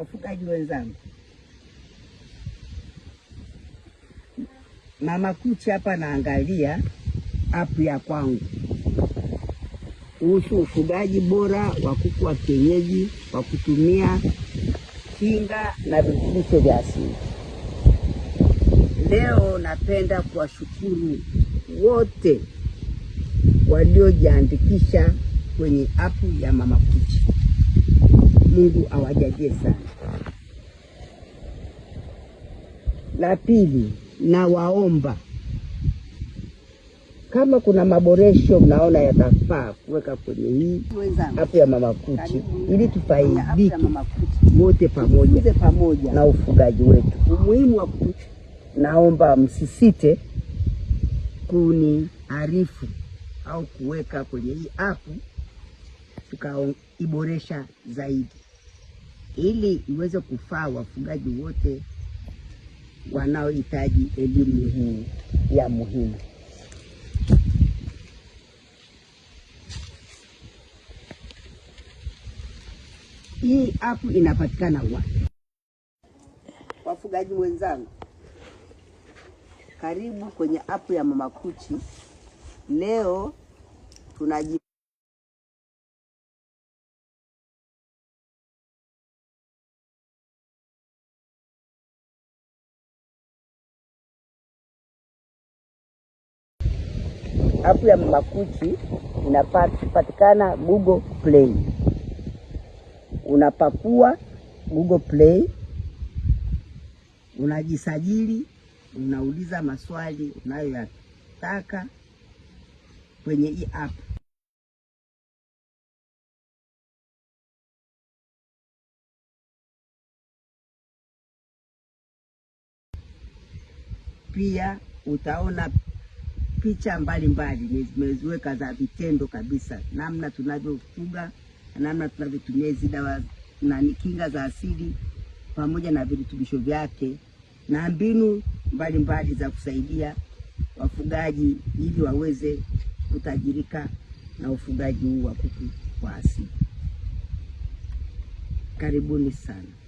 wafugaji wenzangu, Mama Kuchi hapa naangalia apu ya kwangu kuhusu ufugaji bora wa kuku wa kienyeji kwa kutumia kinga na virutubisho vya asili. Leo napenda kuwashukuru wote waliojiandikisha kwenye apu ya Mama Kuchi. Mungu awajalie sana. La pili, nawaomba kama kuna maboresho mnaona yatafaa kuweka kwenye hii hapo ya Mama Kuti ili tufaidike wote pamoja, pamoja na ufugaji wetu umuhimu wa Naomba msisite kuniarifu au kuweka kwenye hii apu tukaiboresha zaidi ili iweze kufaa wafugaji wote wanaohitaji elimu hii ya muhimu. Hii apu inapatikana wapi? Wafugaji wenzangu, karibu kwenye apu ya Mama Kuchi. Leo tunaji apu ya Makuchi inapatikana Google Play. Unapakua Google Play, unajisajili, unauliza maswali unayoyataka kwenye hii app. Pia utaona picha mbalimbali nimeziweka za vitendo kabisa, namna tunavyofuga, namna tunavyotumia hizi dawa na kinga za asili pamoja na virutubisho vyake na mbinu mbalimbali za kusaidia wafugaji ili waweze kutajirika na ufugaji huu wa kuku kwa asili. Karibuni sana.